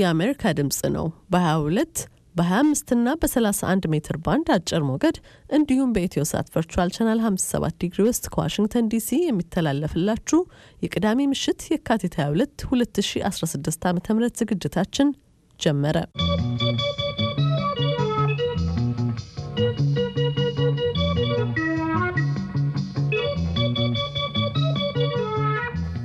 የአሜሪካ ድምፅ ነው በ22 በ25 እና በ31 ሜትር ባንድ አጭር ሞገድ እንዲሁም በኢትዮ ሳት ቨርቹዋል ቻናል 57 ዲግሪ ውስጥ ከዋሽንግተን ዲሲ የሚተላለፍላችሁ የቅዳሜ ምሽት የካቲት 22 2016 ዓ ም ዝግጅታችን ጀመረ።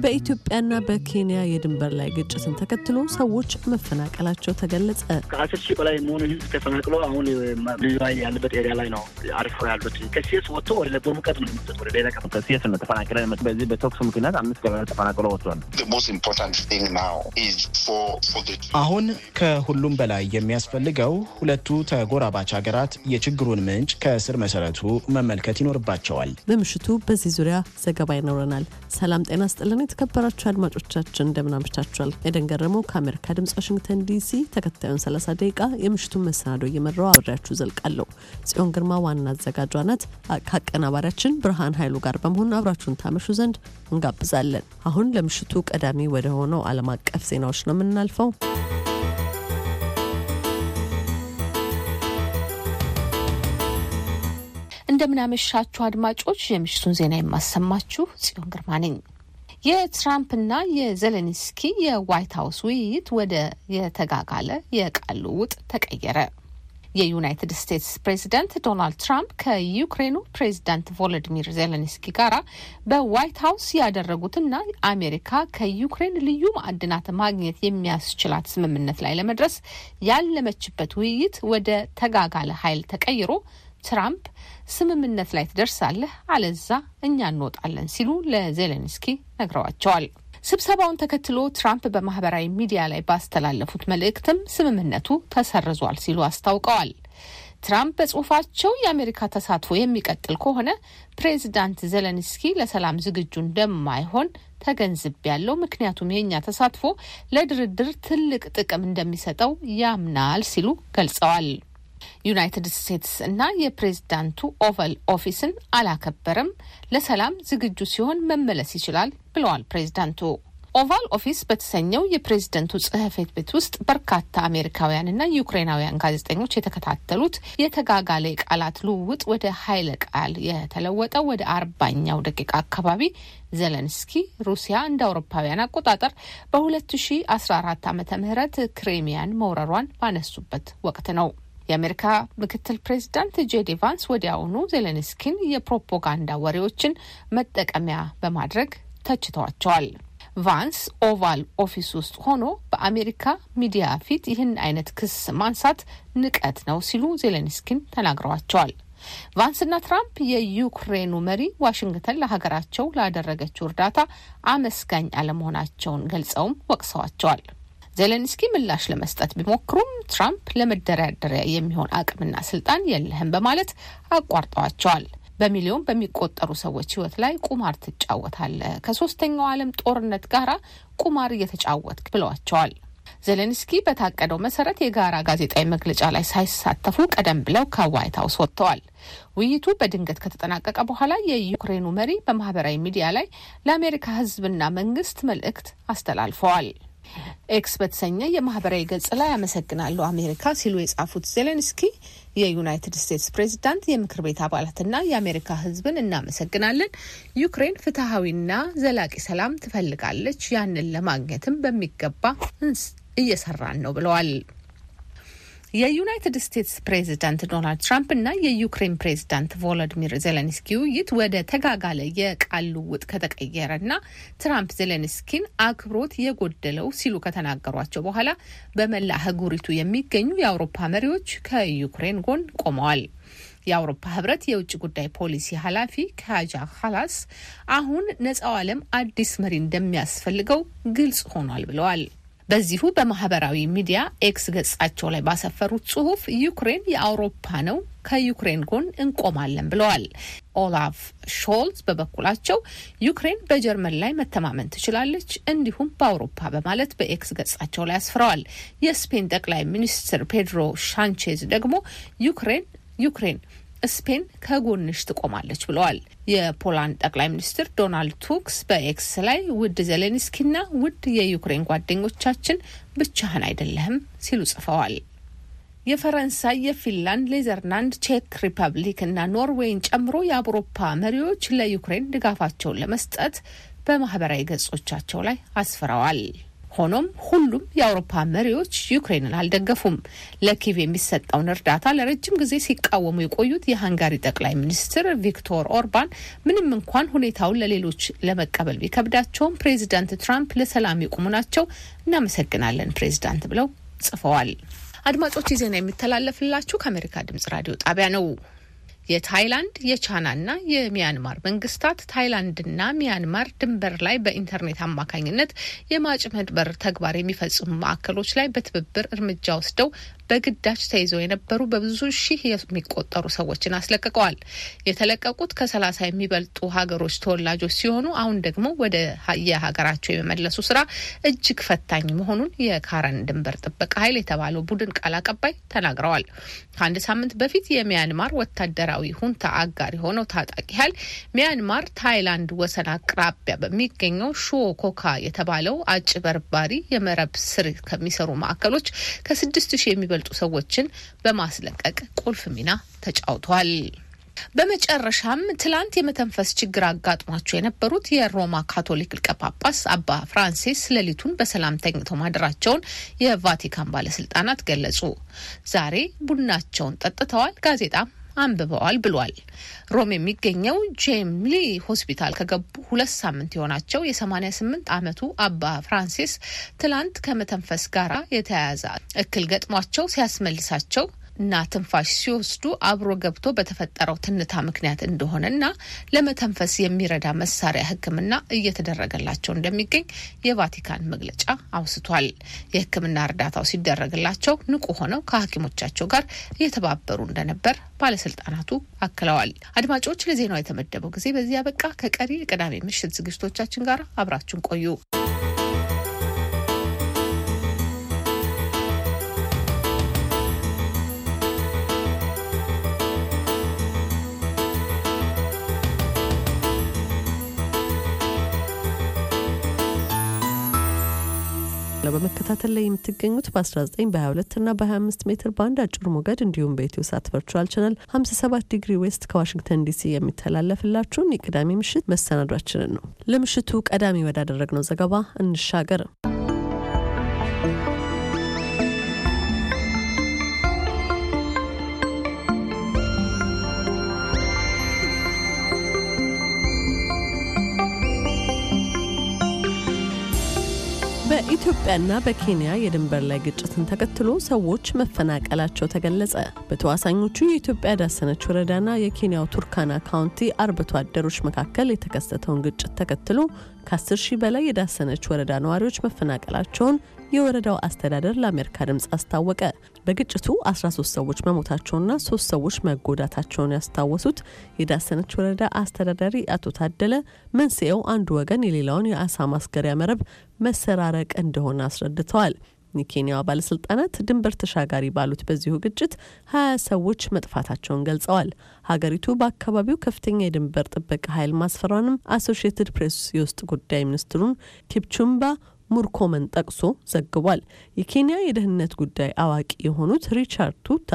በኢትዮጵያና በኬንያ የድንበር ላይ ግጭትን ተከትሎ ሰዎች መፈናቀላቸው ተገለጸ። ከአስር ሺህ በላይ የሚሆኑ ህዝብ ተፈናቅሎ አሁን ልዩ ኃይል ያለበት ኤሪያ ላይ ነው አርፎ ያሉት። ከሲስ ወጥቶ ወደ ለቦ ሙቀት ነው የመጡት ወደ ሌላ ቀ ከሲስ ነው ተፈናቅለ በዚህ በተኩስ ምክንያት አምስት ገበያ ተፈናቅሎ ወጥቷል። አሁን ከሁሉም በላይ የሚያስፈልገው ሁለቱ ተጎራባች ሀገራት የችግሩን ምንጭ ከስር መሰረቱ መመልከት ይኖርባቸዋል። በምሽቱ በዚህ ዙሪያ ዘገባ ይኖረናል። ሰላም ጤና ስጥልን። የተከበራችሁ አድማጮቻችን እንደምን አምሽታችኋል። ኤደን ገረመው ከአሜሪካ ድምጽ ዋሽንግተን ዲሲ ተከታዩን 30 ደቂቃ የምሽቱን መሰናዶ እየመራው አብሬያችሁ ዘልቃለሁ። ጽዮን ግርማ ዋና አዘጋጇ ናት። ከአቀናባሪያችን ብርሃን ኃይሉ ጋር በመሆን አብራችሁን ታመሹ ዘንድ እንጋብዛለን። አሁን ለምሽቱ ቀዳሚ ወደ ሆነው ዓለም አቀፍ ዜናዎች ነው የምናልፈው። እንደምናመሻችሁ አድማጮች፣ የምሽቱን ዜና የማሰማችሁ ጽዮን ግርማ ነኝ። የትራምፕና የዘለንስኪ የዋይት ሀውስ ውይይት ወደ የተጋጋለ የቃል ልውውጥ ተቀየረ። የዩናይትድ ስቴትስ ፕሬዚደንት ዶናልድ ትራምፕ ከዩክሬኑ ፕሬዚዳንት ቮሎዲሚር ዜሌንስኪ ጋራ በዋይት ሀውስ ያደረጉትና አሜሪካ ከዩክሬን ልዩ ማዕድናት ማግኘት የሚያስችላት ስምምነት ላይ ለመድረስ ያለመችበት ውይይት ወደ ተጋጋለ ኃይል ተቀይሮ ትራምፕ ስምምነት ላይ ትደርሳለህ፣ አለዛ እኛ እንወጣለን ሲሉ ለዜሌንስኪ ነግረዋቸዋል። ስብሰባውን ተከትሎ ትራምፕ በማህበራዊ ሚዲያ ላይ ባስተላለፉት መልእክትም ስምምነቱ ተሰርዟል ሲሉ አስታውቀዋል። ትራምፕ በጽሁፋቸው የአሜሪካ ተሳትፎ የሚቀጥል ከሆነ ፕሬዚዳንት ዘለንስኪ ለሰላም ዝግጁ እንደማይሆን ተገንዝብ ያለው ምክንያቱም የእኛ ተሳትፎ ለድርድር ትልቅ ጥቅም እንደሚሰጠው ያምናል ሲሉ ገልጸዋል። ዩናይትድ ስቴትስ እና የፕሬዝዳንቱ ኦቫል ኦፊስን አላከበረም፣ ለሰላም ዝግጁ ሲሆን መመለስ ይችላል ብለዋል ፕሬዝዳንቱ። ኦቫል ኦፊስ በተሰኘው የፕሬዝደንቱ ጽህፈት ቤት ውስጥ በርካታ አሜሪካውያንና ዩክሬናውያን ጋዜጠኞች የተከታተሉት የተጋጋለ ቃላት ልውውጥ ወደ ኃይለ ቃል የተለወጠው ወደ አርባኛው ደቂቃ አካባቢ ዘለንስኪ ሩሲያ እንደ አውሮፓውያን አቆጣጠር በ2014 ዓ ም ክሬሚያን መውረሯን ባነሱበት ወቅት ነው። የአሜሪካ ምክትል ፕሬዚዳንት ጄዲ ቫንስ ወዲያውኑ ዜሌንስኪን የፕሮፓጋንዳ ወሬዎችን መጠቀሚያ በማድረግ ተችተዋቸዋል። ቫንስ ኦቫል ኦፊስ ውስጥ ሆኖ በአሜሪካ ሚዲያ ፊት ይህን አይነት ክስ ማንሳት ንቀት ነው ሲሉ ዜሌንስኪን ተናግረዋቸዋል። ቫንስና ትራምፕ የዩክሬኑ መሪ ዋሽንግተን ለሀገራቸው ላደረገችው እርዳታ አመስጋኝ አለመሆናቸውን ገልጸውም ወቅሰዋቸዋል። ዜሌንስኪ ምላሽ ለመስጠት ቢሞክሩም ትራምፕ ለመደራደሪያ የሚሆን አቅምና ስልጣን የለህም በማለት አቋርጠዋቸዋል። በሚሊዮን በሚቆጠሩ ሰዎች ሕይወት ላይ ቁማር ትጫወታለህ፣ ከሶስተኛው ዓለም ጦርነት ጋር ቁማር እየተጫወትክ ብለዋቸዋል። ዜሌንስኪ በታቀደው መሰረት የጋራ ጋዜጣዊ መግለጫ ላይ ሳይሳተፉ ቀደም ብለው ከዋይት ሀውስ ወጥተዋል። ውይይቱ በድንገት ከተጠናቀቀ በኋላ የዩክሬኑ መሪ በማህበራዊ ሚዲያ ላይ ለአሜሪካ ሕዝብና መንግስት መልእክት አስተላልፈዋል። ኤክስ በተሰኘ የማህበራዊ ገጽ ላይ አመሰግናለሁ አሜሪካ ሲሉ የጻፉት ዜሌንስኪ የዩናይትድ ስቴትስ ፕሬዚዳንት የምክር ቤት አባላትና የአሜሪካ ሕዝብን እናመሰግናለን። ዩክሬን ፍትሐዊና ዘላቂ ሰላም ትፈልጋለች። ያንን ለማግኘትም በሚገባ እየሰራን ነው ብለዋል። የዩናይትድ ስቴትስ ፕሬዚዳንት ዶናልድ ትራምፕ እና የዩክሬን ፕሬዚዳንት ቮሎዲሚር ዜሌንስኪ ውይይት ወደ ተጋጋለ የቃል ልውውጥ ከተቀየረ እና ትራምፕ ዜሌንስኪን አክብሮት የጎደለው ሲሉ ከተናገሯቸው በኋላ በመላ አህጉሪቱ የሚገኙ የአውሮፓ መሪዎች ከዩክሬን ጎን ቆመዋል። የአውሮፓ ህብረት የውጭ ጉዳይ ፖሊሲ ኃላፊ ካጃ ካላስ አሁን ነጻው ዓለም አዲስ መሪ እንደሚያስፈልገው ግልጽ ሆኗል ብለዋል። በዚሁ በማህበራዊ ሚዲያ ኤክስ ገጻቸው ላይ ባሰፈሩት ጽሁፍ ዩክሬን የአውሮፓ ነው፣ ከዩክሬን ጎን እንቆማለን ብለዋል። ኦላፍ ሾልዝ በበኩላቸው ዩክሬን በጀርመን ላይ መተማመን ትችላለች፣ እንዲሁም በአውሮፓ በማለት በኤክስ ገጻቸው ላይ አስፍረዋል። የስፔን ጠቅላይ ሚኒስትር ፔድሮ ሳንቼዝ ደግሞ ዩክሬን ዩክሬን ስፔን ከጎንሽ ትቆማለች ብለዋል። የፖላንድ ጠቅላይ ሚኒስትር ዶናልድ ቱክስ በኤክስ ላይ ውድ ዜሌንስኪና ውድ የዩክሬን ጓደኞቻችን ብቻህን አይደለህም ሲሉ ጽፈዋል። የፈረንሳይ፣ የፊንላንድ፣ ኔዘርላንድ፣ ቼክ ሪፐብሊክ እና ኖርዌይን ጨምሮ የአውሮፓ መሪዎች ለዩክሬን ድጋፋቸውን ለመስጠት በማህበራዊ ገጾቻቸው ላይ አስፍረዋል። ሆኖም ሁሉም የአውሮፓ መሪዎች ዩክሬንን አልደገፉም። ለኪቭ የሚሰጠውን እርዳታ ለረጅም ጊዜ ሲቃወሙ የቆዩት የሃንጋሪ ጠቅላይ ሚኒስትር ቪክቶር ኦርባን ምንም እንኳን ሁኔታውን ለሌሎች ለመቀበል ቢከብዳቸውም ፕሬዚዳንት ትራምፕ ለሰላም ይቁሙ ናቸው፣ እናመሰግናለን ፕሬዚዳንት ብለው ጽፈዋል። አድማጮች፣ ዜና የሚተላለፍላችሁ ከአሜሪካ ድምጽ ራዲዮ ጣቢያ ነው። የታይላንድ የቻይናና የሚያንማር መንግስታት ታይላንድና ሚያንማር ድንበር ላይ በኢንተርኔት አማካኝነት የማጭመድበር ተግባር የሚፈጽሙ ማዕከሎች ላይ በትብብር እርምጃ ወስደው በግዳጅ ተይዘው የነበሩ በብዙ ሺህ የሚቆጠሩ ሰዎችን አስለቅቀዋል። የተለቀቁት ከሰላሳ የሚበልጡ ሀገሮች ተወላጆች ሲሆኑ አሁን ደግሞ ወደ የሀገራቸው የመመለሱ ስራ እጅግ ፈታኝ መሆኑን የካረን ድንበር ጥበቃ ኃይል የተባለው ቡድን ቃል አቀባይ ተናግረዋል። ከአንድ ሳምንት በፊት የሚያንማር ወታደራዊ ሁንታ አጋር የሆነው ታጣቂ ኃይል ሚያንማር ታይላንድ ወሰን አቅራቢያ በሚገኘው ኮካ የተባለው አጭበርባሪ የመረብ ስር ከሚሰሩ ማዕከሎች ከስድስት ሺህ የሚበ የሚበልጡ ሰዎችን በማስለቀቅ ቁልፍ ሚና ተጫውተዋል። በመጨረሻም ትላንት የመተንፈስ ችግር አጋጥሟቸው የነበሩት የሮማ ካቶሊክ ሊቀ ጳጳስ አባ ፍራንሲስ ሌሊቱን በሰላም ተኝተው ማደራቸውን የቫቲካን ባለስልጣናት ገለጹ። ዛሬ ቡናቸውን ጠጥተዋል፣ ጋዜጣም አንብበዋል ብሏል። ሮም የሚገኘው ጄምሊ ሆስፒታል ከገቡ ሁለት ሳምንት የሆናቸው የ88 ዓመቱ አባ ፍራንሲስ ትላንት ከመተንፈስ ጋር የተያያዘ እክል ገጥሟቸው ሲያስመልሳቸው እና ትንፋሽ ሲወስዱ አብሮ ገብቶ በተፈጠረው ትንታ ምክንያት እንደሆነና ለመተንፈስ የሚረዳ መሳሪያ ሕክምና እየተደረገላቸው እንደሚገኝ የቫቲካን መግለጫ አውስቷል። የሕክምና እርዳታው ሲደረግላቸው ንቁ ሆነው ከሐኪሞቻቸው ጋር እየተባበሩ እንደነበር ባለስልጣናቱ አክለዋል። አድማጮች፣ ለዜናው የተመደበው ጊዜ በዚህ አበቃ። ከቀሪ የቅዳሜ ምሽት ዝግጅቶቻችን ጋር አብራችሁን ቆዩ። በመከታተል ላይ የምትገኙት በ19 በ22 እና በ25 ሜትር ባንድ አጭር ሞገድ እንዲሁም በኢትዮ ሳት ቨርቹዋል ቻናል 57 ዲግሪ ዌስት ከዋሽንግተን ዲሲ የሚተላለፍላችሁን የቅዳሜ ምሽት መሰናዷችንን ነው። ለምሽቱ ቀዳሚ ወዳደረግነው ዘገባ እንሻገር። ኢትዮጵያና በኬንያ የድንበር ላይ ግጭትን ተከትሎ ሰዎች መፈናቀላቸው ተገለጸ። በተዋሳኞቹ የኢትዮጵያ ዳሰነች ወረዳና የኬንያው ቱርካና ካውንቲ አርብቶ አደሮች መካከል የተከሰተውን ግጭት ተከትሎ ከ10 ሺህ በላይ የዳሰነች ወረዳ ነዋሪዎች መፈናቀላቸውን የወረዳው አስተዳደር ለአሜሪካ ድምፅ አስታወቀ። በግጭቱ 13 ሰዎች መሞታቸውና ሶስት ሰዎች መጎዳታቸውን ያስታወሱት የዳሰነች ወረዳ አስተዳዳሪ አቶ ታደለ መንስኤው አንዱ ወገን የሌላውን የአሳ ማስገሪያ መረብ መሰራረቅ እንደሆነ አስረድተዋል። የኬንያዋ ባለስልጣናት ድንበር ተሻጋሪ ባሉት በዚሁ ግጭት ሀያ ሰዎች መጥፋታቸውን ገልጸዋል። ሀገሪቱ በአካባቢው ከፍተኛ የድንበር ጥበቃ ኃይል ማስፈሯንም አሶሺየትድ ፕሬስ የውስጥ ጉዳይ ሚኒስትሩን ኪፕቹምባ ሙርኮመን ጠቅሶ ዘግቧል። የኬንያ የደህንነት ጉዳይ አዋቂ የሆኑት ሪቻርድ ቱታ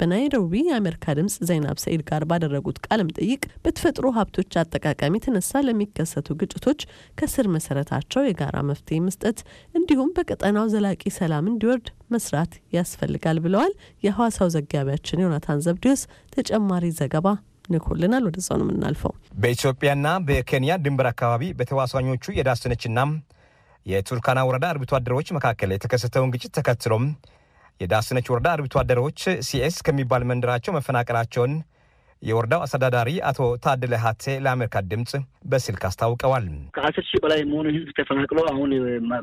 በናይሮቢ የአሜሪካ ድምፅ ዘይናብ ሰኢድ ጋር ባደረጉት ቃለም ጥይቅ በተፈጥሮ ሀብቶች አጠቃቀም የተነሳ ለሚከሰቱ ግጭቶች ከስር መሰረታቸው የጋራ መፍትሄ መስጠት እንዲሁም በቀጠናው ዘላቂ ሰላም እንዲወርድ መስራት ያስፈልጋል ብለዋል። የሐዋሳው ዘጋቢያችን ዮናታን ዘብዲዮስ ተጨማሪ ዘገባ ልኮልናል። ወደዛው ነው የምናልፈው። በኢትዮጵያና በኬንያ ድንበር አካባቢ በተዋሳኞቹ የዳስነችና የቱርካና ወረዳ አርብቶ አደሮች መካከል የተከሰተውን ግጭት ተከትሎም የዳስነች ወረዳ አርብቶ አደሮች ሲኤስ ከሚባል መንደራቸው መፈናቀላቸውን የወረዳው አስተዳዳሪ አቶ ታደለ ሀቴ ለአሜሪካ ድምፅ በስልክ አስታውቀዋል። ከአስር ሺህ በላይ የሚሆኑ ህዝብ ተፈናቅሎ አሁን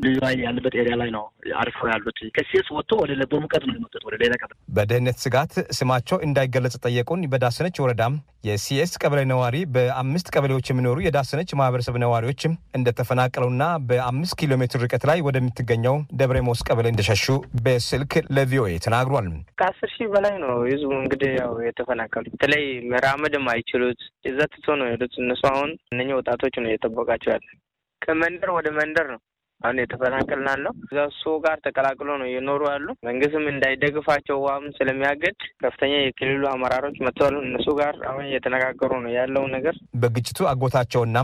ልዩ ኃይል ያለበት ኤሪያ ላይ ነው አርፈው ያሉት። ከሲስ ወጥቶ ወደ ሙቀት ነው የመጡት ወደ ሌላ ቀበሌ። በደህንነት ስጋት ስማቸው እንዳይገለጽ ጠየቁን በዳሰነች ወረዳ የሲኤስ ቀበሌ ነዋሪ በአምስት ቀበሌዎች የሚኖሩ የዳሰነች ማህበረሰብ ነዋሪዎች እንደተፈናቀሉና በአምስት ኪሎ ሜትር ርቀት ላይ ወደምትገኘው ደብረ ሞስ ቀበሌ እንደሸሹ በስልክ ለቪኦኤ ተናግሯል። ከአስር ሺህ በላይ ነው ህዝቡ እንግዲህ ያው የተፈናቀሉ በተለይ መራመድም አይችሉት እዛ ትቶ ነው ሄዱት። እነሱ አሁን እነኛ ወጣቶች ነው እየጠበቃቸው ያለ ከመንደር ወደ መንደር ነው አሁን የተፈናቀልን እዛ እሱ ጋር ተቀላቅሎ ነው እየኖሩ ያሉ። መንግስትም እንዳይደግፋቸው ውሃም ስለሚያገድ ከፍተኛ የክልሉ አመራሮች መጥተዋል። እነሱ ጋር አሁን እየተነጋገሩ ነው ያለው ነገር በግጭቱ አጎታቸውና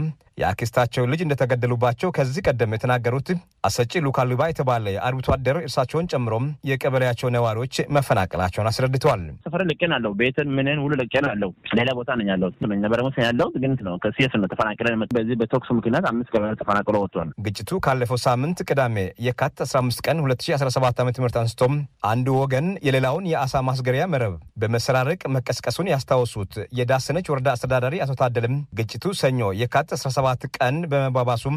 የአክስታቸው ልጅ እንደተገደሉባቸው ከዚህ ቀደም የተናገሩት አሰጪ ሉካሉባ የተባለ የአርብቶ አደር እርሳቸውን ጨምሮም የቀበሌያቸው ነዋሪዎች መፈናቀላቸውን አስረድተዋል። ሰፈር ልቄን አለው ቤትን ምንን ሁሉ ልቄን አለው ሌላ ቦታ ነኝ ያለው መስ ያለው ግን ነው ከሲስ ነው ተፈናቅለን በዚህ በተኩስ ምክንያት አምስት ቀበሌ ተፈናቅሎ ወጥቷል። ግጭቱ ካለፈው ሳምንት ቅዳሜ የካቲት 15 ቀን 2017 ዓ ም አንስቶም አንዱ ወገን የሌላውን የአሳ ማስገሪያ መረብ በመሰራረቅ መቀስቀሱን ያስታወሱት የዳሰነች ወረዳ አስተዳዳሪ አቶ ታደልም ግጭቱ ሰኞ የካቲት ሰባት ቀን በመባባሱም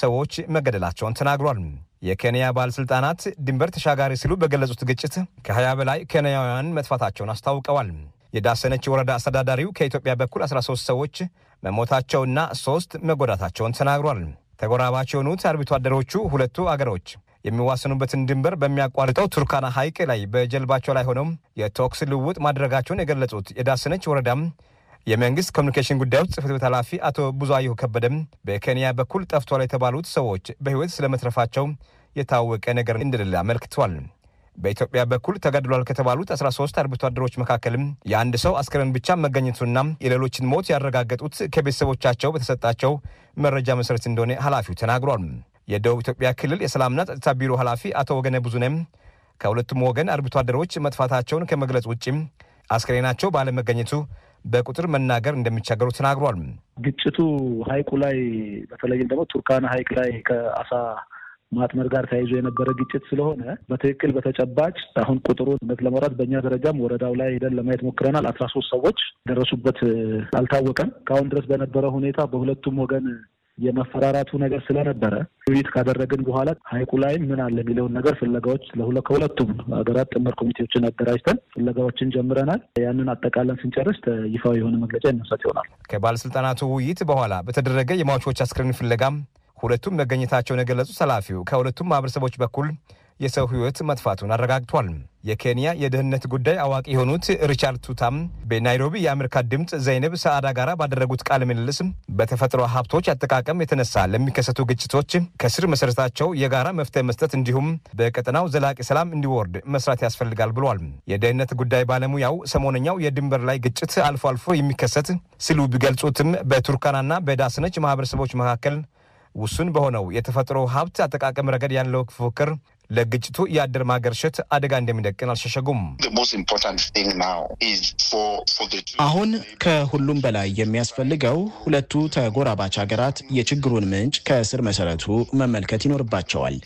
ሰዎች መገደላቸውን ተናግሯል። የኬንያ ባለሥልጣናት ድንበር ተሻጋሪ ሲሉ በገለጹት ግጭት ከ20 በላይ ኬንያውያን መጥፋታቸውን አስታውቀዋል። የዳሰነች ወረዳ አስተዳዳሪው ከኢትዮጵያ በኩል 13 ሰዎች መሞታቸውና ሶስት መጎዳታቸውን ተናግሯል። ተጎራባች የሆኑት አርብቶ አደሮቹ ሁለቱ አገሮች የሚዋሰኑበትን ድንበር በሚያቋርጠው ቱርካና ሐይቅ ላይ በጀልባቸው ላይ ሆነው የተኩስ ልውውጥ ማድረጋቸውን የገለጹት የዳሰነች ወረዳም የመንግስት ኮሚኒኬሽን ጉዳዮች ጽፈት ቤት ኃላፊ አቶ ብዙአየሁ ከበደም በኬንያ በኩል ጠፍቷል የተባሉት ሰዎች በሕይወት ስለመትረፋቸው የታወቀ ነገር እንደሌለ አመልክተዋል። በኢትዮጵያ በኩል ተገድሏል ከተባሉት 13 አርብቶ አደሮች መካከልም የአንድ ሰው አስከሬን ብቻ መገኘቱና የሌሎችን ሞት ያረጋገጡት ከቤተሰቦቻቸው በተሰጣቸው መረጃ መሰረት እንደሆነ ኃላፊው ተናግሯል። የደቡብ ኢትዮጵያ ክልል የሰላምና ጸጥታ ቢሮ ኃላፊ አቶ ወገነ ብዙነም ከሁለቱም ወገን አርብቶ አደሮች መጥፋታቸውን ከመግለጽ ውጭም አስክሬናቸው ባለመገኘቱ በቁጥር መናገር እንደሚቸገሩ ተናግሯል። ግጭቱ ሀይቁ ላይ በተለይም ደግሞ ቱርካና ሀይቅ ላይ ከአሳ ማጥመር ጋር ተያይዞ የነበረ ግጭት ስለሆነ በትክክል በተጨባጭ አሁን ቁጥሩ እውነት ለመውራት በእኛ ደረጃም ወረዳው ላይ ሄደን ለማየት ሞክረናል። አስራ ሶስት ሰዎች ደረሱበት አልታወቀም። ከአሁን ድረስ በነበረ ሁኔታ በሁለቱም ወገን የመፈራራቱ ነገር ስለነበረ ውይይት ካደረግን በኋላ ሀይቁ ላይ ምን አለ የሚለውን ነገር ፍለጋዎች ከሁለቱም ሀገራት ጥምር ኮሚቴዎችን አደራጅተን ፍለጋዎችን ጀምረናል። ያንን አጠቃለን ስንጨርስ ይፋዊ የሆነ መግለጫ ይነሳት ይሆናል። ከባለስልጣናቱ ውይይት በኋላ በተደረገ የሟቾች አስክሬን ፍለጋም ሁለቱም መገኘታቸውን የገለጹት ኃላፊው ከሁለቱም ማህበረሰቦች በኩል የሰው ሕይወት መጥፋቱን አረጋግጧል። የኬንያ የደህንነት ጉዳይ አዋቂ የሆኑት ሪቻርድ ቱታም በናይሮቢ የአሜሪካ ድምፅ ዘይነብ ሰዓዳ ጋር ባደረጉት ቃለ ምልልስ በተፈጥሮ ሀብቶች አጠቃቀም የተነሳ ለሚከሰቱ ግጭቶች ከስር መሰረታቸው የጋራ መፍትሄ መስጠት እንዲሁም በቀጠናው ዘላቂ ሰላም እንዲወርድ መስራት ያስፈልጋል ብሏል። የደህንነት ጉዳይ ባለሙያው ሰሞነኛው የድንበር ላይ ግጭት አልፎ አልፎ የሚከሰት ሲሉ ቢገልጹትም በቱርካናና በዳስነች ማህበረሰቦች መካከል ውሱን በሆነው የተፈጥሮ ሀብት አጠቃቀም ረገድ ያለው ፉክክር ለግጭቱ የአደር ማገርሸት አደጋ እንደሚደቅን አልሸሸጉም። አሁን ከሁሉም በላይ የሚያስፈልገው ሁለቱ ተጎራባች ሀገራት የችግሩን ምንጭ ከስር መሰረቱ መመልከት ይኖርባቸዋል።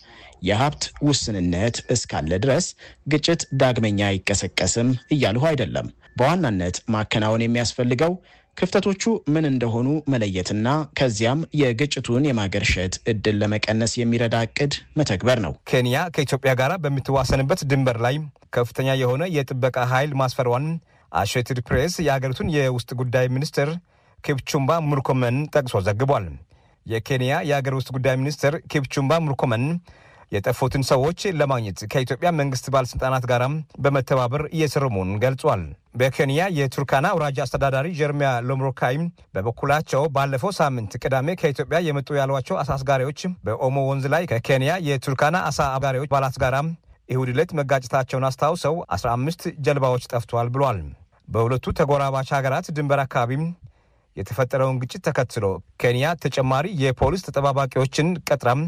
የሀብት ውስንነት እስካለ ድረስ ግጭት ዳግመኛ አይቀሰቀስም እያልሁ አይደለም። በዋናነት ማከናወን የሚያስፈልገው ክፍተቶቹ ምን እንደሆኑ መለየትና ከዚያም የግጭቱን የማገርሸት እድል ለመቀነስ የሚረዳ እቅድ መተግበር ነው። ኬንያ ከኢትዮጵያ ጋር በምትዋሰንበት ድንበር ላይ ከፍተኛ የሆነ የጥበቃ ኃይል ማስፈሯን አሶሼትድ ፕሬስ የሀገሪቱን የውስጥ ጉዳይ ሚኒስትር ኪፕቹምባ ሙርኮመን ጠቅሶ ዘግቧል። የኬንያ የሀገር ውስጥ ጉዳይ ሚኒስትር ኪፕቹምባ ሙርኮመን የጠፉትን ሰዎች ለማግኘት ከኢትዮጵያ መንግስት ባለስልጣናት ጋርም በመተባበር እየሰሩ መሆኑን ገልጿል። በኬንያ የቱርካና አውራጃ አስተዳዳሪ ጀርሚያ ሎምሮካይም በበኩላቸው ባለፈው ሳምንት ቅዳሜ ከኢትዮጵያ የመጡ ያሏቸው አሳ አስጋሪዎች በኦሞ ወንዝ ላይ ከኬንያ የቱርካና አሳ አጋሪዎች ባላት ጋራም እሁድ ዕለት መጋጨታቸውን አስታውሰው 15 ጀልባዎች ጠፍቷል ብሏል። በሁለቱ ተጎራባች ሀገራት ድንበር አካባቢም የተፈጠረውን ግጭት ተከትሎ ኬንያ ተጨማሪ የፖሊስ ተጠባባቂዎችን ቀጥራም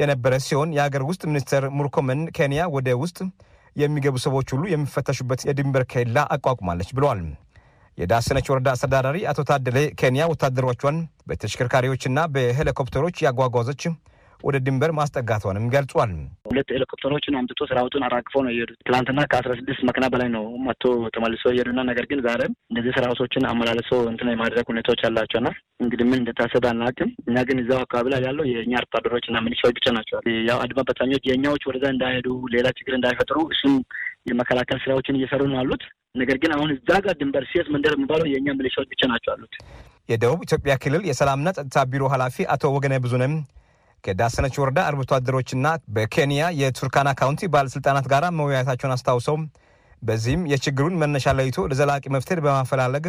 የነበረ ሲሆን የሀገር ውስጥ ሚኒስትር ሙርኮመን ኬንያ ወደ ውስጥ የሚገቡ ሰዎች ሁሉ የሚፈተሹበት የድንበር ኬላ አቋቁማለች ብለዋል። የዳሰነች ወረዳ አስተዳዳሪ አቶ ታደሌ ኬንያ ወታደሮቿን በተሽከርካሪዎችና በሄሊኮፕተሮች ያጓጓዘች ወደ ድንበር ማስጠጋቷንም ገልጿል። ሁለት ሄሊኮፕተሮችን አምጥቶ ስራውቱን አራግፎ ነው የሄዱት። ትላንትና ከአስራ ስድስት መኪና በላይ ነው መጥቶ ተመልሶ የሄዱና ነገር ግን ዛሬም እንደዚህ ስራውቶችን አመላለሶ እንትን የማድረግ ሁኔታዎች አላቸውና እንግዲህ ምን እንደታሰበ አናውቅም። እኛ ግን እዛው አካባቢ ላይ ያለው የእኛ አርሶ አደሮች ሚኒሻዎች ብቻ ናቸዋል። ያው አድማ በታኞች የእኛዎች ወደዛ እንዳይሄዱ ሌላ ችግር እንዳይፈጥሩ እሱም የመከላከል ስራዎችን እየሰሩ ነው አሉት። ነገር ግን አሁን እዛ ጋር ድንበር ሲስ መንደር የሚባለው የእኛ ሚሊሻዎች ብቻ ናቸው አሉት። የደቡብ ኢትዮጵያ ክልል የሰላምና ጸጥታ ቢሮ ኃላፊ አቶ ወገነ ብዙነም ከዳሰነች ወረዳ አርብቶ አደሮችና በኬንያ የቱርካና ካውንቲ ባለሥልጣናት ጋር መወያየታቸውን አስታውሰው በዚህም የችግሩን መነሻ ለይቶ ለዘላቂ መፍትሄ በማፈላለግ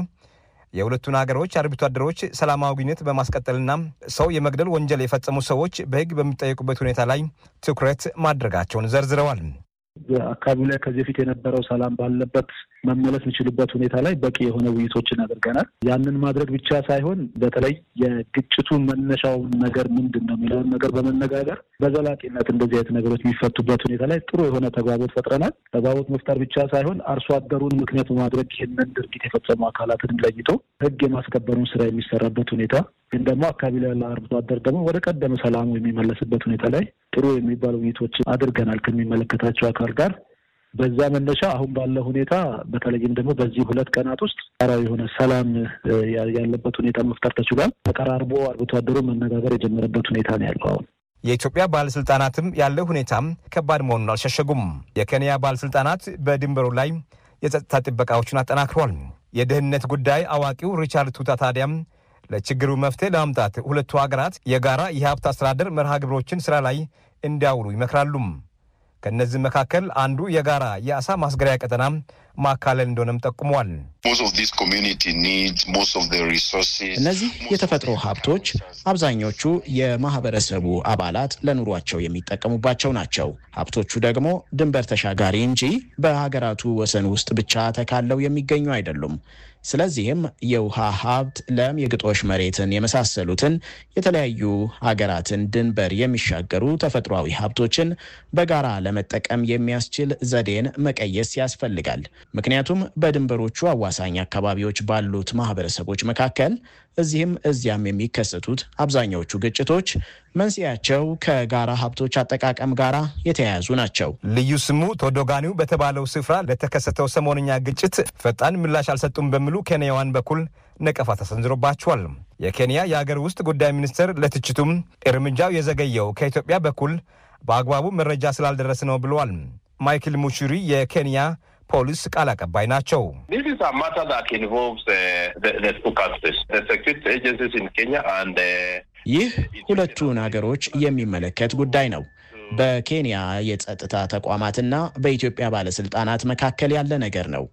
የሁለቱን ሀገሮች አርብቶ አደሮች ሰላማዊ ግንኙነት በማስቀጠልና ሰው የመግደል ወንጀል የፈጸሙ ሰዎች በሕግ በሚጠየቁበት ሁኔታ ላይ ትኩረት ማድረጋቸውን ዘርዝረዋል። በአካባቢው ላይ ከዚህ በፊት የነበረው ሰላም ባለበት መመለስ የሚችሉበት ሁኔታ ላይ በቂ የሆነ ውይይቶችን አድርገናል። ያንን ማድረግ ብቻ ሳይሆን በተለይ የግጭቱ መነሻውን ነገር ምንድን ነው የሚለውን ነገር በመነጋገር በዘላቂነት እንደዚህ አይነት ነገሮች የሚፈቱበት ሁኔታ ላይ ጥሩ የሆነ ተግባቦት ፈጥረናል። ተግባቦት መፍጠር ብቻ ሳይሆን አርሶ አደሩን ምክንያት በማድረግ ይህንን ድርጊት የፈጸሙ አካላትን ለይቶ ሕግ የማስከበሩን ስራ የሚሰራበት ሁኔታ ግን ደግሞ አካባቢ ላይ ያለው አርብቶ አደር ደግሞ ወደ ቀደመ ሰላሙ የሚመለስበት ሁኔታ ላይ ጥሩ የሚባሉ ውይይቶች አድርገናል ከሚመለከታቸው አካል ጋር። በዛ መነሻ አሁን ባለ ሁኔታ በተለይም ደግሞ በዚህ ሁለት ቀናት ውስጥ ራዊ የሆነ ሰላም ያለበት ሁኔታ መፍጠር ተችሏል። ተቀራርቦ አርብቶ አደሩ መነጋገር የጀመረበት ሁኔታ ነው ያለው አሁን። የኢትዮጵያ ባለስልጣናትም ያለው ሁኔታም ከባድ መሆኑን አልሸሸጉም። የኬንያ ባለስልጣናት በድንበሩ ላይ የጸጥታ ጥበቃዎችን አጠናክሯል። የደህንነት ጉዳይ አዋቂው ሪቻርድ ቱታ ታዲያም ለችግሩ መፍትሄ ለማምጣት ሁለቱ ሀገራት የጋራ የሀብት አስተዳደር መርሃ ግብሮችን ስራ ላይ እንዲያውሉ ይመክራሉ። ከእነዚህ መካከል አንዱ የጋራ የአሳ ማስገሪያ ቀጠና ማካለል እንደሆነም ጠቁመዋል። እነዚህ የተፈጥሮ ሀብቶች አብዛኞቹ የማህበረሰቡ አባላት ለኑሯቸው የሚጠቀሙባቸው ናቸው። ሀብቶቹ ደግሞ ድንበር ተሻጋሪ እንጂ በሀገራቱ ወሰን ውስጥ ብቻ ተካለው የሚገኙ አይደሉም። ስለዚህም የውሃ ሀብት፣ ለም የግጦሽ መሬትን የመሳሰሉትን የተለያዩ ሀገራትን ድንበር የሚሻገሩ ተፈጥሯዊ ሀብቶችን በጋራ ለመጠቀም የሚያስችል ዘዴን መቀየስ ያስፈልጋል። ምክንያቱም በድንበሮቹ አዋሳኝ አካባቢዎች ባሉት ማህበረሰቦች መካከል እዚህም እዚያም የሚከሰቱት አብዛኛዎቹ ግጭቶች መንስያቸው ከጋራ ሀብቶች አጠቃቀም ጋር የተያያዙ ናቸው። ልዩ ስሙ ቶዶጋኒው በተባለው ስፍራ ለተከሰተው ሰሞንኛ ግጭት ፈጣን ምላሽ አልሰጡም በሚሉ ኬንያዋን በኩል ነቀፋ ተሰንዝሮባቸዋል። የኬንያ የሀገር ውስጥ ጉዳይ ሚኒስትር ለትችቱም እርምጃው የዘገየው ከኢትዮጵያ በኩል በአግባቡ መረጃ ስላልደረስ ነው ብለዋል። ማይክል ሙሽሪ የኬንያ ፖሊስ ቃል አቀባይ ናቸው። uh, uh, ይህ ሁለቱን ሀገሮች የሚመለከት ጉዳይ ነው። በኬንያ የጸጥታ ተቋማትና በኢትዮጵያ ባለስልጣናት መካከል ያለ ነገር ነው።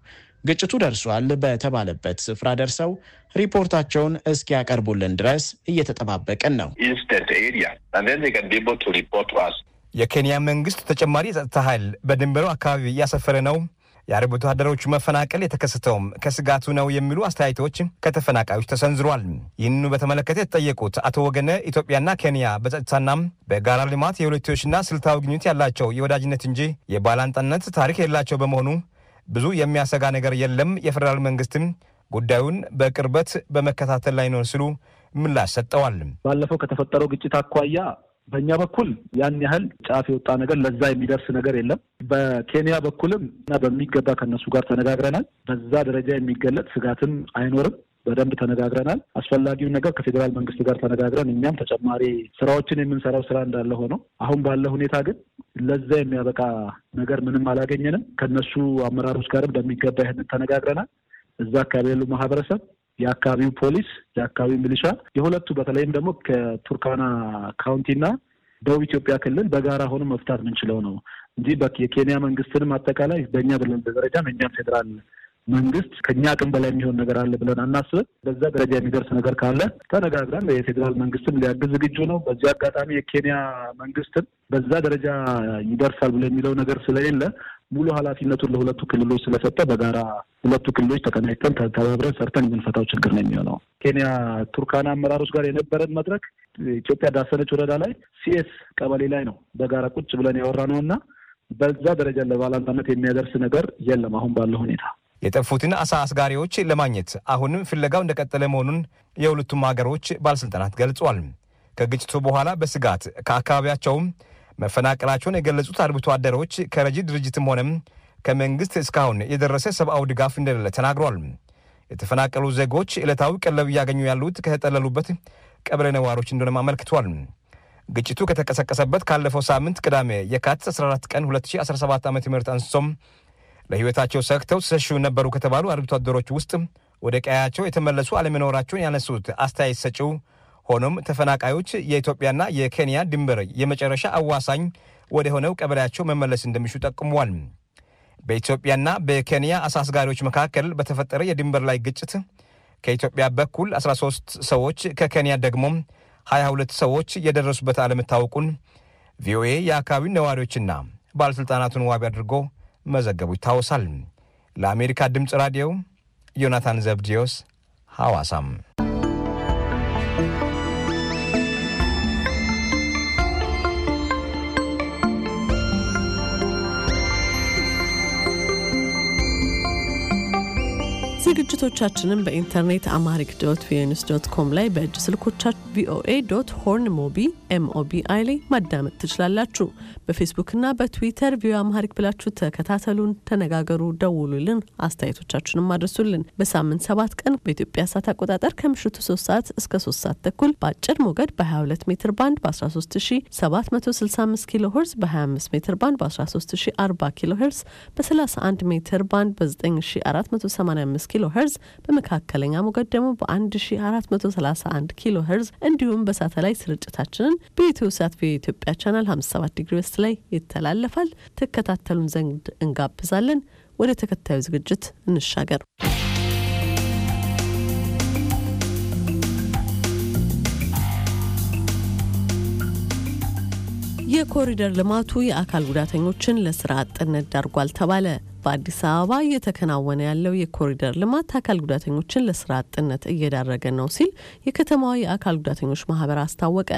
ግጭቱ ደርሷል በተባለበት ስፍራ ደርሰው ሪፖርታቸውን እስኪያቀርቡልን ድረስ እየተጠባበቅን ነው። የኬንያ መንግስት ተጨማሪ የጸጥታ ኃይል በድንበሩ አካባቢ እያሰፈረ ነው። የአርብቶ አደሮቹ መፈናቀል የተከሰተውም ከስጋቱ ነው የሚሉ አስተያየቶች ከተፈናቃዮች ተሰንዝሯል። ይህንኑ በተመለከተ የተጠየቁት አቶ ወገነ ኢትዮጵያና ኬንያ በጸጥታና በጋራ ልማት የሁለትዮሽና ስልታዊ ግንኙነት ያላቸው የወዳጅነት እንጂ የባላንጣነት ታሪክ የሌላቸው በመሆኑ ብዙ የሚያሰጋ ነገር የለም፣ የፌዴራል መንግስትም ጉዳዩን በቅርበት በመከታተል ላይ ነው ሲሉ ምላሽ ሰጠዋል። ባለፈው ከተፈጠረው ግጭት አኳያ በእኛ በኩል ያን ያህል ጫፍ የወጣ ነገር ለዛ የሚደርስ ነገር የለም። በኬንያ በኩልም እና በሚገባ ከነሱ ጋር ተነጋግረናል። በዛ ደረጃ የሚገለጥ ስጋትም አይኖርም። በደንብ ተነጋግረናል። አስፈላጊውን ነገር ከፌዴራል መንግስት ጋር ተነጋግረን እኛም ተጨማሪ ስራዎችን የምንሰራው ስራ እንዳለ ሆኖ አሁን ባለ ሁኔታ ግን ለዛ የሚያበቃ ነገር ምንም አላገኘንም። ከነሱ አመራሮች ጋርም በሚገባ ይህንን ተነጋግረናል። እዛ አካባቢ ያሉ ማህበረሰብ የአካባቢው ፖሊስ፣ የአካባቢው ሚሊሻ የሁለቱ በተለይም ደግሞ ከቱርካና ካውንቲና ደቡብ ኢትዮጵያ ክልል በጋራ ሆኖ መፍታት የምንችለው ነው እንጂ የኬንያ መንግስትንም አጠቃላይ በእኛ በደረጃም እኛም ፌዴራል መንግስት ከኛ አቅም በላይ የሚሆን ነገር አለ ብለን አናስብም። በዛ ደረጃ የሚደርስ ነገር ካለ ተነጋግረን የፌዴራል መንግስትም ሊያግዝ ዝግጁ ነው። በዚህ አጋጣሚ የኬንያ መንግስትም በዛ ደረጃ ይደርሳል ብሎ የሚለው ነገር ስለሌለ ሙሉ ኃላፊነቱን ለሁለቱ ክልሎች ስለሰጠ በጋራ ሁለቱ ክልሎች ተቀናጅተን ተባብረን ሰርተን የምንፈታው ችግር ነው የሚሆነው። ኬንያ ቱርካና አመራሮች ጋር የነበረን መድረክ ኢትዮጵያ ዳሰነች ወረዳ ላይ ሲኤስ ቀበሌ ላይ ነው በጋራ ቁጭ ብለን ያወራ ነው እና በዛ ደረጃ ለባላንጣነት የሚያደርስ ነገር የለም አሁን ባለው ሁኔታ የጠፉትን አሳ አስጋሪዎች ለማግኘት አሁንም ፍለጋው እንደቀጠለ መሆኑን የሁለቱም ሀገሮች ባለሥልጣናት ገልጿል። ከግጭቱ በኋላ በስጋት ከአካባቢያቸውም መፈናቀላቸውን የገለጹት አርብቶ አደሮች ከረጂ ድርጅትም ሆነም ከመንግሥት እስካሁን የደረሰ ሰብአዊ ድጋፍ እንደሌለ ተናግሯል። የተፈናቀሉ ዜጎች ዕለታዊ ቀለብ እያገኙ ያሉት ከተጠለሉበት ቀበሌ ነዋሪዎች እንደሆነም አመልክቷል። ግጭቱ ከተቀሰቀሰበት ካለፈው ሳምንት ቅዳሜ የካቲት 14 ቀን 2017 ዓ ም አንስቶም ለህይወታቸው ሰግተው ተሰሽው ነበሩ ከተባሉ አርብቶ አደሮች ውስጥ ወደ ቀያቸው የተመለሱ አለመኖራቸውን ያነሱት አስተያየት ሰጪው ሆኖም ተፈናቃዮች የኢትዮጵያና የኬንያ ድንበር የመጨረሻ አዋሳኝ ወደ ሆነው ቀበሌያቸው መመለስ እንደሚሹ ጠቁመዋል። በኢትዮጵያና በኬንያ አሳስጋሪዎች መካከል በተፈጠረ የድንበር ላይ ግጭት ከኢትዮጵያ በኩል 13 ሰዎች ከኬንያ ደግሞ 22 ሰዎች የደረሱበት አለመታወቁን ቪኦኤ የአካባቢውን ነዋሪዎችና ባለሥልጣናቱን ዋቢ አድርጎ መዘገቡ ይታወሳል። ለአሜሪካ ድምፅ ራዲዮ ዮናታን ዘብዲዮስ ሐዋሳም ዝግጅቶቻችንን በኢንተርኔት አማሪክ ዶት ቪኦኤ ዶት ኮም ላይ በእጅ ስልኮቻ ቪኦኤ ዶት ሆርን ሞቢ ኤምኦቢ አይ ላይ ማዳመጥ ትችላላችሁ። በፌስቡክና በትዊተር ቪኦኤ አማሪክ ብላችሁ ተከታተሉን፣ ተነጋገሩ፣ ደውሉልን፣ አስተያየቶቻችንም አድርሱልን። በሳምንት ሰባት ቀን በኢትዮጵያ ሰዓት አቆጣጠር ከምሽቱ 3 ሰዓት እስከ 3 ሰዓት ተኩል በአጭር ሞገድ በ22 ሜትር ባንድ በ13765 ኪሎ ሄርዝ በ25 ሜትር ባንድ በ13040 ኪሎ ሄርዝ በ31 ሜትር ባንድ በ9485 ኪሎ ኪሎ ሄርዝ በመካከለኛ ሞገድ ደግሞ በ1431 ኪሎ ሄርዝ እንዲሁም በሳተላይት ስርጭታችንን በኢትዮ ሳት በኢትዮጵያ ቻናል 57 ዲግሪ ዌስት ላይ ይተላለፋል። ትከታተሉን ዘንድ እንጋብዛለን። ወደ ተከታዩ ዝግጅት እንሻገር። የኮሪደር ልማቱ የአካል ጉዳተኞችን ለስራ አጥነት ዳርጓል ተባለ። በአዲስ አበባ እየተከናወነ ያለው የኮሪደር ልማት አካል ጉዳተኞችን ለስራ አጥነት እየዳረገ ነው ሲል የከተማዋ የአካል ጉዳተኞች ማህበር አስታወቀ።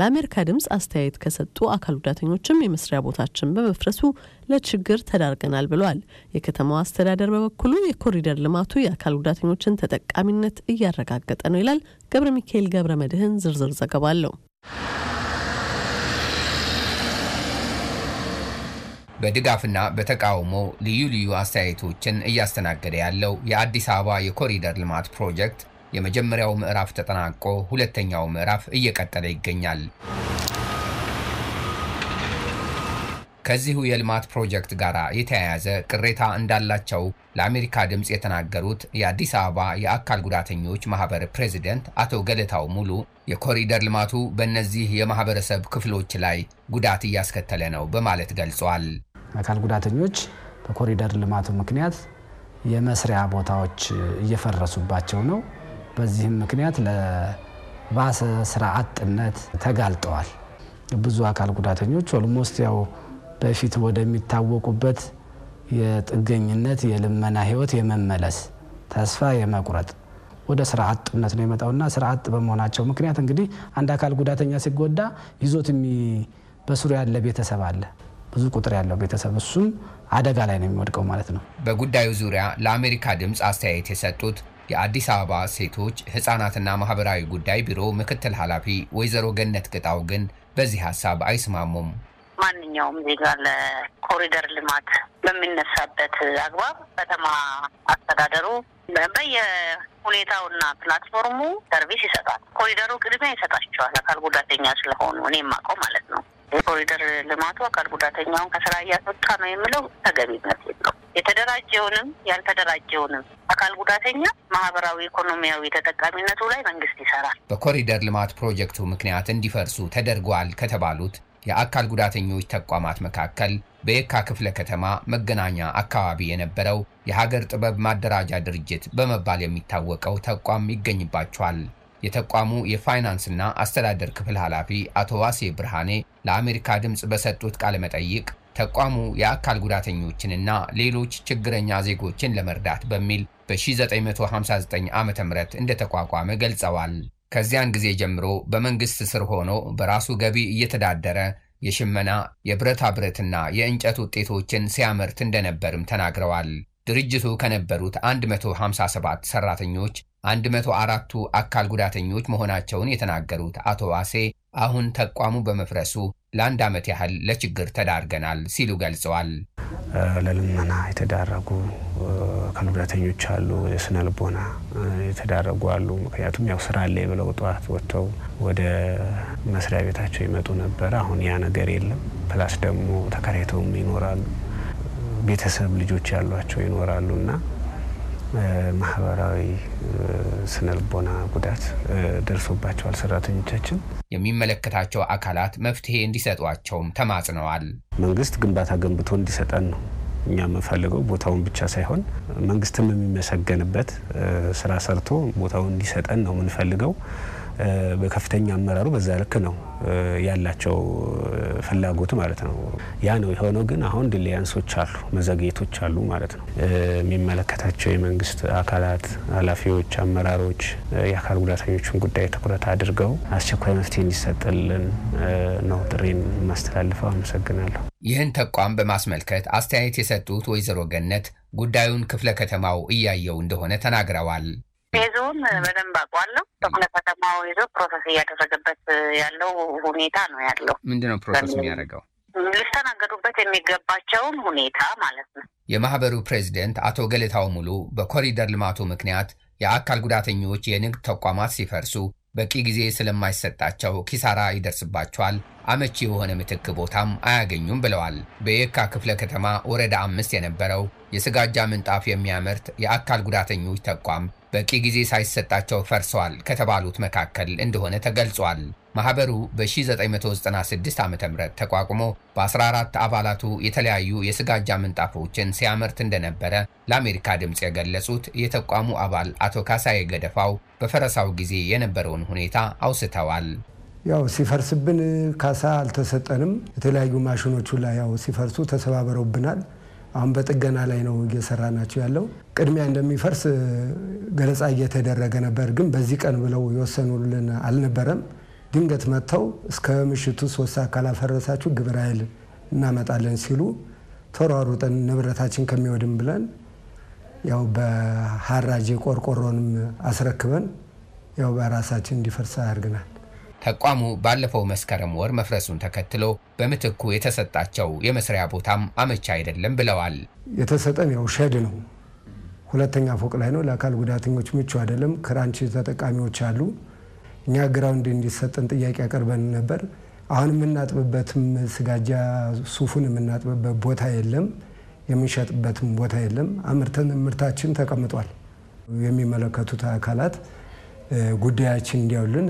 ለአሜሪካ ድምፅ አስተያየት ከሰጡ አካል ጉዳተኞችም የመስሪያ ቦታችን በመፍረሱ ለችግር ተዳርገናል ብሏል። የከተማዋ አስተዳደር በበኩሉ የኮሪደር ልማቱ የአካል ጉዳተኞችን ተጠቃሚነት እያረጋገጠ ነው ይላል። ገብረ ሚካኤል ገብረ መድህን ዝርዝር ዘገባ አለው። በድጋፍና በተቃውሞ ልዩ ልዩ አስተያየቶችን እያስተናገደ ያለው የአዲስ አበባ የኮሪደር ልማት ፕሮጀክት የመጀመሪያው ምዕራፍ ተጠናቆ ሁለተኛው ምዕራፍ እየቀጠለ ይገኛል። ከዚሁ የልማት ፕሮጀክት ጋር የተያያዘ ቅሬታ እንዳላቸው ለአሜሪካ ድምፅ የተናገሩት የአዲስ አበባ የአካል ጉዳተኞች ማህበር ፕሬዚደንት አቶ ገለታው ሙሉ የኮሪደር ልማቱ በእነዚህ የማህበረሰብ ክፍሎች ላይ ጉዳት እያስከተለ ነው በማለት ገልጿል። አካል ጉዳተኞች በኮሪደር ልማቱ ምክንያት የመስሪያ ቦታዎች እየፈረሱባቸው ነው። በዚህም ምክንያት ለባሰ ስራ አጥነት ተጋልጠዋል። ብዙ አካል ጉዳተኞች ኦልሞስት ያው በፊት ወደሚታወቁበት የጥገኝነት የልመና ህይወት የመመለስ ተስፋ የመቁረጥ ወደ ስራ አጥነት ነው የመጣውና ስራ አጥ በመሆናቸው ምክንያት እንግዲህ አንድ አካል ጉዳተኛ ሲጎዳ ይዞት በስሩ ያለ ቤተሰብ አለ ብዙ ቁጥር ያለው ቤተሰብ እሱም አደጋ ላይ ነው የሚወድቀው ማለት ነው። በጉዳዩ ዙሪያ ለአሜሪካ ድምፅ አስተያየት የሰጡት የአዲስ አበባ ሴቶች ህፃናትና ማህበራዊ ጉዳይ ቢሮ ምክትል ኃላፊ ወይዘሮ ገነት ቅጣው ግን በዚህ ሀሳብ አይስማሙም። ማንኛውም ዜጋ ለኮሪደር ልማት በሚነሳበት አግባብ ከተማ አስተዳደሩ በየሁኔታውና ፕላትፎርሙ ሰርቪስ ይሰጣል። ኮሪደሩ ቅድሚያ ይሰጣቸዋል። አካል ጉዳተኛ ስለሆኑ እኔም ማቆም የኮሪደር ልማቱ አካል ጉዳተኛውን ከስራ እያስወጣ ነው የሚለው ተገቢነት የለው። የተደራጀውንም ያልተደራጀውንም አካል ጉዳተኛ ማህበራዊ፣ ኢኮኖሚያዊ ተጠቃሚነቱ ላይ መንግስት ይሰራል። በኮሪደር ልማት ፕሮጀክቱ ምክንያት እንዲፈርሱ ተደርጓል ከተባሉት የአካል ጉዳተኞች ተቋማት መካከል በየካ ክፍለ ከተማ መገናኛ አካባቢ የነበረው የሀገር ጥበብ ማደራጃ ድርጅት በመባል የሚታወቀው ተቋም ይገኝባቸዋል። የተቋሙ የፋይናንስና አስተዳደር ክፍል ኃላፊ አቶ ዋሴ ብርሃኔ ለአሜሪካ ድምፅ በሰጡት ቃለ መጠይቅ ተቋሙ የአካል ጉዳተኞችንና ሌሎች ችግረኛ ዜጎችን ለመርዳት በሚል በ1959 ዓ.ም እንደተቋቋመ ገልጸዋል። ከዚያን ጊዜ ጀምሮ በመንግሥት ስር ሆኖ በራሱ ገቢ እየተዳደረ የሽመና የብረታ ብረትና የእንጨት ውጤቶችን ሲያመርት እንደነበርም ተናግረዋል። ድርጅቱ ከነበሩት 157 ሰራተኞች አንድ መቶ አራቱ አካል ጉዳተኞች መሆናቸውን የተናገሩት አቶ ዋሴ አሁን ተቋሙ በመፍረሱ ለአንድ ዓመት ያህል ለችግር ተዳርገናል ሲሉ ገልጸዋል። ለልመና የተዳረጉ አካል ጉዳተኞች አሉ፣ የስነ ልቦና የተዳረጉ አሉ። ምክንያቱም ያው ስራ አለ ብለው ጠዋት ወጥተው ወደ መስሪያ ቤታቸው ይመጡ ነበረ። አሁን ያ ነገር የለም። ፕላስ ደግሞ ተከራይተውም ይኖራሉ፣ ቤተሰብ ልጆች ያሏቸው ይኖራሉ እና ማህበራዊ ስነልቦና ጉዳት ደርሶባቸዋል። ሰራተኞቻችን የሚመለከታቸው አካላት መፍትሄ እንዲሰጧቸውም ተማጽነዋል። መንግስት ግንባታ ገንብቶ እንዲሰጠን ነው እኛ የምንፈልገው ቦታውን ብቻ ሳይሆን መንግስትም የሚመሰገንበት ስራ ሰርቶ ቦታውን እንዲሰጠን ነው የምንፈልገው። በከፍተኛ አመራሩ በዛ ልክ ነው ያላቸው ፍላጎት ማለት ነው። ያ ነው የሆነው። ግን አሁን ድሊያንሶች አሉ፣ መዘግየቶች አሉ ማለት ነው። የሚመለከታቸው የመንግስት አካላት ኃላፊዎች፣ አመራሮች የአካል ጉዳተኞችን ጉዳይ ትኩረት አድርገው አስቸኳይ መፍትሄ እንዲሰጥልን ነው ጥሬን ማስተላልፈው። አመሰግናለሁ። ይህን ተቋም በማስመልከት አስተያየት የሰጡት ወይዘሮ ገነት ጉዳዩን ክፍለ ከተማው እያየው እንደሆነ ተናግረዋል። ፌዞን በደንብ አውቋለሁ። በኩለ ከተማው ይዞ ፕሮሰስ እያደረገበት ያለው ሁኔታ ነው ያለው። ምንድን ነው ፕሮሰስ የሚያደርገው? ሊስተናገዱበት የሚገባቸውን ሁኔታ ማለት ነው። የማህበሩ ፕሬዚደንት አቶ ገለታው ሙሉ በኮሪደር ልማቱ ምክንያት የአካል ጉዳተኞች የንግድ ተቋማት ሲፈርሱ በቂ ጊዜ ስለማይሰጣቸው ኪሳራ ይደርስባቸዋል፣ አመቺ የሆነ ምትክ ቦታም አያገኙም ብለዋል። በየካ ክፍለ ከተማ ወረዳ አምስት የነበረው የስጋጃ ምንጣፍ የሚያመርት የአካል ጉዳተኞች ተቋም በቂ ጊዜ ሳይሰጣቸው ፈርሰዋል ከተባሉት መካከል እንደሆነ ተገልጿል። ማኅበሩ በ1996 ዓ ም ተቋቁሞ በ14 አባላቱ የተለያዩ የስጋጃ ምንጣፎችን ሲያመርት እንደነበረ ለአሜሪካ ድምፅ የገለጹት የተቋሙ አባል አቶ ካሳዬ ገደፋው በፈረሳው ጊዜ የነበረውን ሁኔታ አውስተዋል። ያው ሲፈርስብን ካሳ አልተሰጠንም። የተለያዩ ማሽኖቹ ላይ ያው ሲፈርሱ ተሰባብረውብናል። አሁን በጥገና ላይ ነው እየሰራ ናቸው ያለው። ቅድሚያ እንደሚፈርስ ገለጻ እየተደረገ ነበር፣ ግን በዚህ ቀን ብለው የወሰኑልን አልነበረም። ድንገት መጥተው እስከ ምሽቱ ሶስት ሰዓት ግብረ ኃይል እናመጣለን ሲሉ ተሯሩጠን ንብረታችን ከሚወድም ብለን ያው በሀራጅ ቆርቆሮንም አስረክበን ያው በራሳችን እንዲፈርስ አድርገናል። ተቋሙ ባለፈው መስከረም ወር መፍረሱን ተከትሎ በምትኩ የተሰጣቸው የመስሪያ ቦታም አመቻ አይደለም ብለዋል። የተሰጠን ያው ሸድ ነው፣ ሁለተኛ ፎቅ ላይ ነው። ለአካል ጉዳተኞች ምቹ አይደለም። ክራንች ተጠቃሚዎች አሉ። እኛ ግራውንድ እንዲሰጠን ጥያቄ ያቀርበን ነበር። አሁን የምናጥብበትም ስጋጃ ሱፉን የምናጥብበት ቦታ የለም፣ የምንሸጥበትም ቦታ የለም። አምርተን ምርታችን ተቀምጧል። የሚመለከቱት አካላት ጉዳያችን እንዲያውልን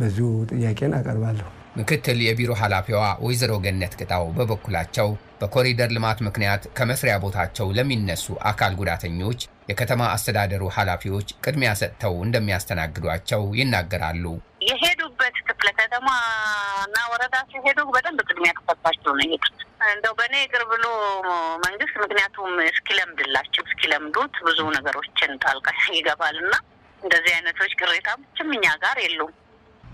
በዚሁ ጥያቄን አቀርባለሁ። ምክትል የቢሮ ኃላፊዋ ወይዘሮ ገነት ቅጣው በበኩላቸው በኮሪደር ልማት ምክንያት ከመስሪያ ቦታቸው ለሚነሱ አካል ጉዳተኞች የከተማ አስተዳደሩ ኃላፊዎች ቅድሚያ ሰጥተው እንደሚያስተናግዷቸው ይናገራሉ። የሄዱበት ክፍለ ከተማ እና ወረዳ ሲሄዱ በደንብ ቅድሚያ ተሰጥቷቸው ነው የሄዱት። እንደው በእኔ እግር ብሎ መንግስት ምክንያቱም እስኪለምድላቸው እስኪለምዱት ብዙ ነገሮችን ጣልቃ ይገባል እና እንደዚህ አይነቶች ቅሬታ እኛ ጋር የሉም።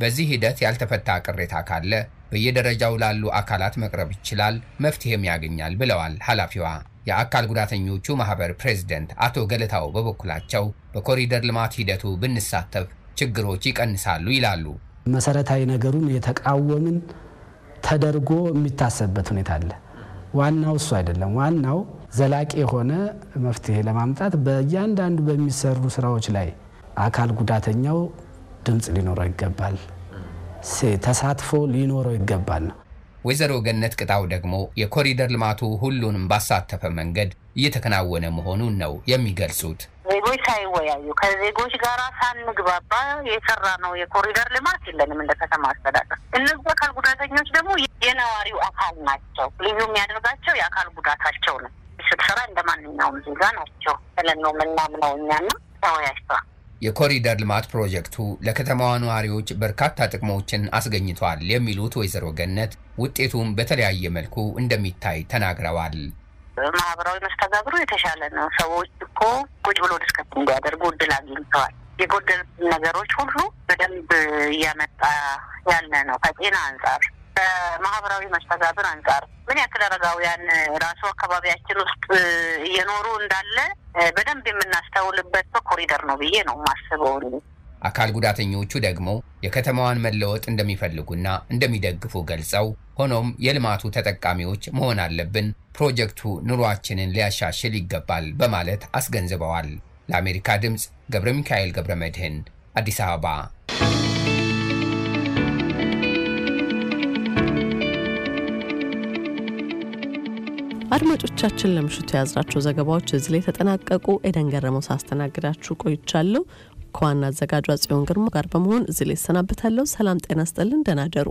በዚህ ሂደት ያልተፈታ ቅሬታ ካለ በየደረጃው ላሉ አካላት መቅረብ ይችላል፣ መፍትሄም ያገኛል ብለዋል ኃላፊዋ። የአካል ጉዳተኞቹ ማህበር ፕሬዝደንት አቶ ገለታው በበኩላቸው በኮሪደር ልማት ሂደቱ ብንሳተፍ ችግሮች ይቀንሳሉ ይላሉ። መሰረታዊ ነገሩን የተቃወምን ተደርጎ የሚታሰብበት ሁኔታ አለ። ዋናው እሱ አይደለም። ዋናው ዘላቂ የሆነ መፍትሄ ለማምጣት በእያንዳንዱ በሚሰሩ ስራዎች ላይ አካል ጉዳተኛው ድምፅ ሊኖረው ይገባል፣ ተሳትፎ ሊኖረው ይገባል ነው። ወይዘሮ ገነት ቅጣው ደግሞ የኮሪደር ልማቱ ሁሉንም ባሳተፈ መንገድ እየተከናወነ መሆኑን ነው የሚገልጹት። ዜጎች ሳይወያዩ ከዜጎች ጋር ሳንግባባ የሰራ ነው የኮሪደር ልማት የለንም እንደ ከተማ አስተዳደር። እነዚህ አካል ጉዳተኞች ደግሞ የነዋሪው አካል ናቸው። ልዩ የሚያደርጋቸው የአካል ጉዳታቸው ነው። ስትሰራ እንደ ማንኛውም ዜጋ ናቸው ብለን ነው የምናምነው እኛና ተወያይቷል የኮሪደር ልማት ፕሮጀክቱ ለከተማዋ ነዋሪዎች በርካታ ጥቅሞችን አስገኝቷል የሚሉት ወይዘሮ ገነት ውጤቱም በተለያየ መልኩ እንደሚታይ ተናግረዋል። ማህበራዊ መስተጋብሩ የተሻለ ነው። ሰዎች እኮ ቁጭ ብሎ ዲስከስ እንዲያደርጉ እድል አግኝተዋል። የጎደል ነገሮች ሁሉ በደንብ እያመጣ ያለ ነው። ከጤና አንጻር፣ ከማህበራዊ መስተጋብር አንጻር ምን ያክል አረጋውያን ራሱ አካባቢያችን ውስጥ እየኖሩ እንዳለ በደንብ የምናስተውልበት በኮሪደር ነው ብዬ ነው የማስበው። አካል ጉዳተኞቹ ደግሞ የከተማዋን መለወጥ እንደሚፈልጉና እንደሚደግፉ ገልጸው ሆኖም የልማቱ ተጠቃሚዎች መሆን አለብን፣ ፕሮጀክቱ ኑሯችንን ሊያሻሽል ይገባል በማለት አስገንዝበዋል። ለአሜሪካ ድምፅ ገብረ ሚካኤል ገብረ መድህን አዲስ አበባ አድማጮቻችን ለምሽቱ የያዝናቸው ዘገባዎች እዚህ ላይ ተጠናቀቁ። ኤደን ገረመው ሳስተናግዳችሁ ቆይቻለሁ። ከዋና አዘጋጇ ጽዮን ግርማ ጋር በመሆን እዚህ ላይ ይሰናበታለሁ። ሰላም ጤና ስጠልን ደናደሩ